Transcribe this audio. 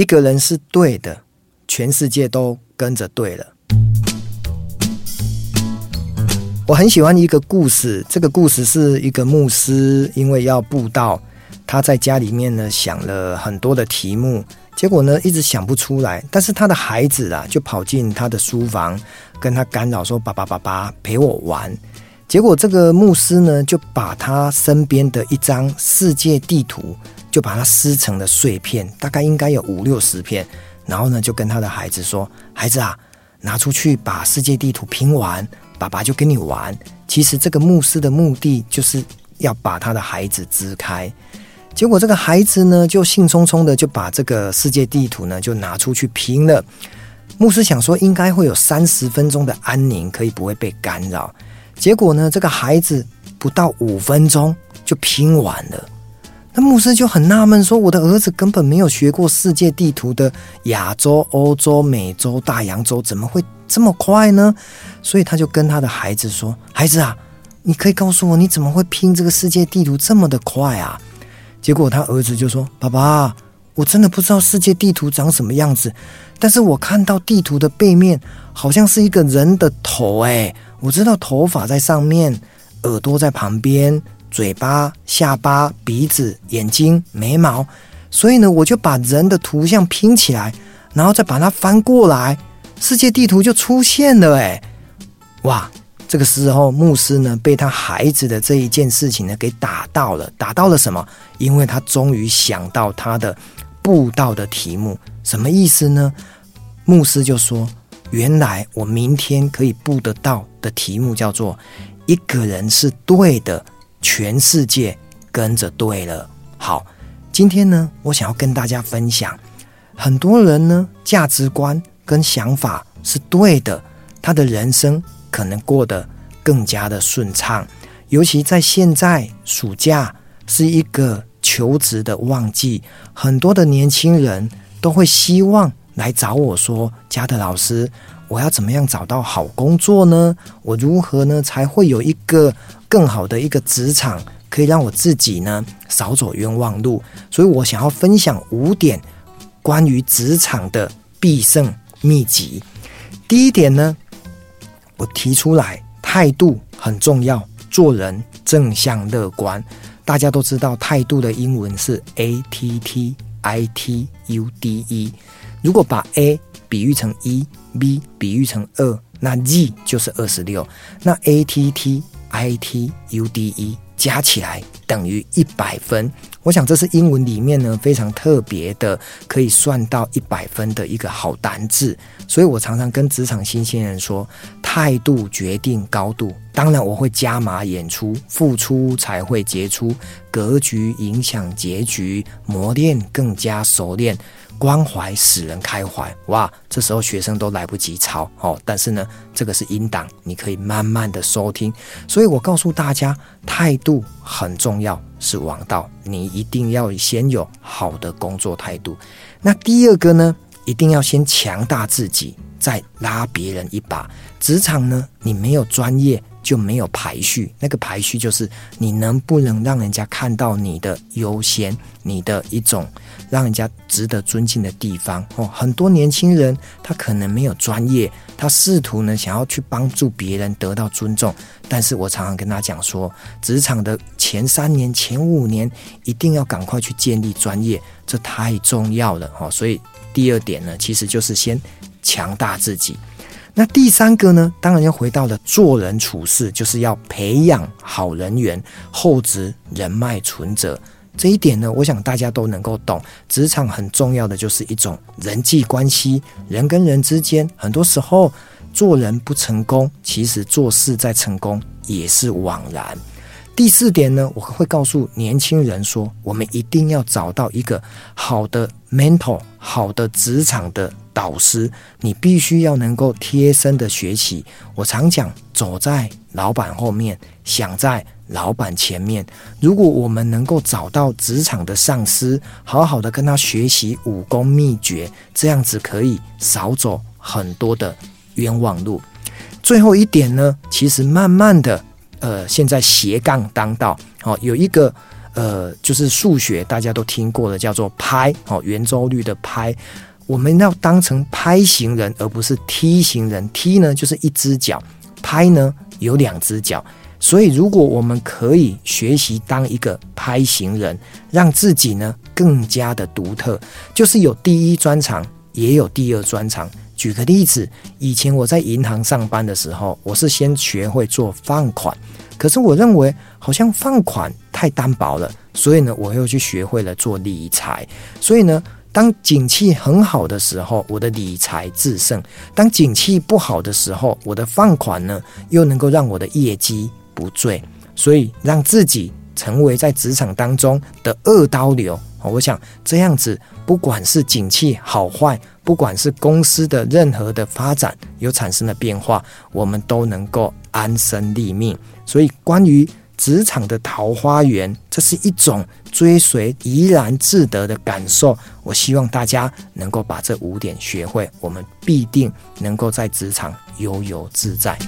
一個人是對的，全世界都跟着對了。我很喜歡一個故事，這個故事是一個牧師，因為要布道，他在家裡面呢想了很多的題目，結果呢一直想不出來。但是他的孩子啊就跑進他的書房，跟他干擾說：“爸爸，爸爸，陪我玩。”結果，這個牧師呢，就把他身邊的一張世界地圖，就把它撕成了碎片，大概應該有五六十片。然後呢，就跟他的孩子說：“孩子啊，拿出去把世界地圖拼完，爸爸就跟你玩。”其實，這個牧師的目的就是要把他的孩子支開。結果，這個孩子呢，就興沖沖的就把這個世界地圖呢，就拿出去拼了。牧師想說，應該會有三十分鐘的安寧，可以不會被干擾。結果呢，這個孩子不到五分鐘就拼完了。那牧師就很納悶說：“我的兒子根本沒有學過世界地圖的亞洲、歐洲、美洲、大洋洲，怎麼會這麼快呢？”所以他就跟他的孩子說：“孩子啊，你可以告訴我，你怎麼會拼這個世界地圖這麼的快啊？”結果他兒子就說：“爸爸，”我真的不知道世界地圖長什麼樣子，但是我看到地圖的背面好像是一個人的頭。欸，哎，我知道頭髮在上面，耳朵在旁邊，嘴巴、下巴、鼻子、眼睛、眉毛，所以呢，我就把人的圖像拼起來，然後再把它翻過來，世界地圖就出現了。欸，哎，哇！這個時候牧師呢，被他孩子的這一件事情呢給打到了，打到了什麼？因為他終於想到他的。布道的題目什麼意思呢？牧師就說：“原來我明天可以布的道的題目叫做‘一個人是對的，全世界跟着對了’。”好，今天呢，我想要跟大家分享，很多人呢價值觀跟想法是對的，他的人生可能過得更加的順暢，尤其在現在暑假是一個求職的旺季，很多的年輕人都會希望來找我說：“嘉德老師，我要怎麼樣找到好工作呢？我如何呢才會有一個更好的一個職場，可以讓我自己呢少走冤枉路？”所以，我想要分享五點關於職場的必勝祕籍。第一點呢，我提出來，態度很重要，做人正向樂觀。大家都知道，態度的英文是 A T T I T U D E。如果把 A 比喻成一，B 比喻成二，那 Z 就是二十六。那 A T T I T U D E。加起來等於一百分，我想這是英文裡面呢非常特別的，可以算到一百分的一個好單字。所以我常常跟職場新鮮人說，態度決定高度。當然，我會加碼演出，付出才會結出，格局，影響結局，磨練更加熟練。關懷使人開懷，哇！這時候學生都來不及抄哦。但是呢，這個是音檔，你可以慢慢的收聽。所以我告訴大家，態度很重要，是王道。你一定要先有好的工作態度。那第二個呢，一定要先強大自己，再拉別人一把。職場呢，你沒有專業，就沒有排序，那個排序就是你能不能讓人家看到你的優先，你的一種讓人家值得尊敬的地方哦。很多年輕人他可能沒有專業，他試圖呢想要去幫助別人得到尊重，但是我常常跟他講說，職場的前三年、前五年一定要趕快去建立專業，這太重要了哦，所以第二點呢，其實就是先強大自己。那第三個呢，當然又回到了做人處事，就是要培養好人緣、厚植人脈存摺。這一點呢，我想大家都能夠懂。職場很重要的就是一種人際關係，人跟人之間，很多時候做人不成功，其實做事再成功也是枉然。第四點呢，我會告訴年輕人說，我們一定要找到一個好的 mentor，好的職場的。老師，你必須要能夠貼身的學習。我常講，走在老闆後面，想在老闆前面。如果我們能夠找到職場的上司，好好的跟他學習武功秘訣，這樣子可以少走很多的冤枉路。最後一點呢，其實慢慢的，呃，現在斜槓當道，哦，有一個呃，就是數學大家都聽過的，叫做 π 哦，圓周率的 π。我們要當成拍型人，而不是 T 型人。T 呢就是一隻腳，拍呢有兩隻腳。所以，如果我們可以學習當一個拍型人，讓自己呢更加的獨特，就是有第一專長，也有第二專長。舉個例子，以前我在銀行上班的時候，我是先學會做放款，可是我認為好像放款太單薄了，所以呢，我又去學會了做理財。所以呢。當景氣很好的時候，我的理財制勝；當景氣不好的時候，我的放款呢又能夠讓我的業績不墜。所以，讓自己成為在職場當中的二刀流。我想這樣子，不管是景氣好壞，不管是公司的任何的發展有產生的變化，我們都能夠安身立命。所以，關於。職場的桃花源，這是一種追隨怡然自得的感受。我希望大家能夠把這五點學會，我們必定能夠在職場悠悠自在。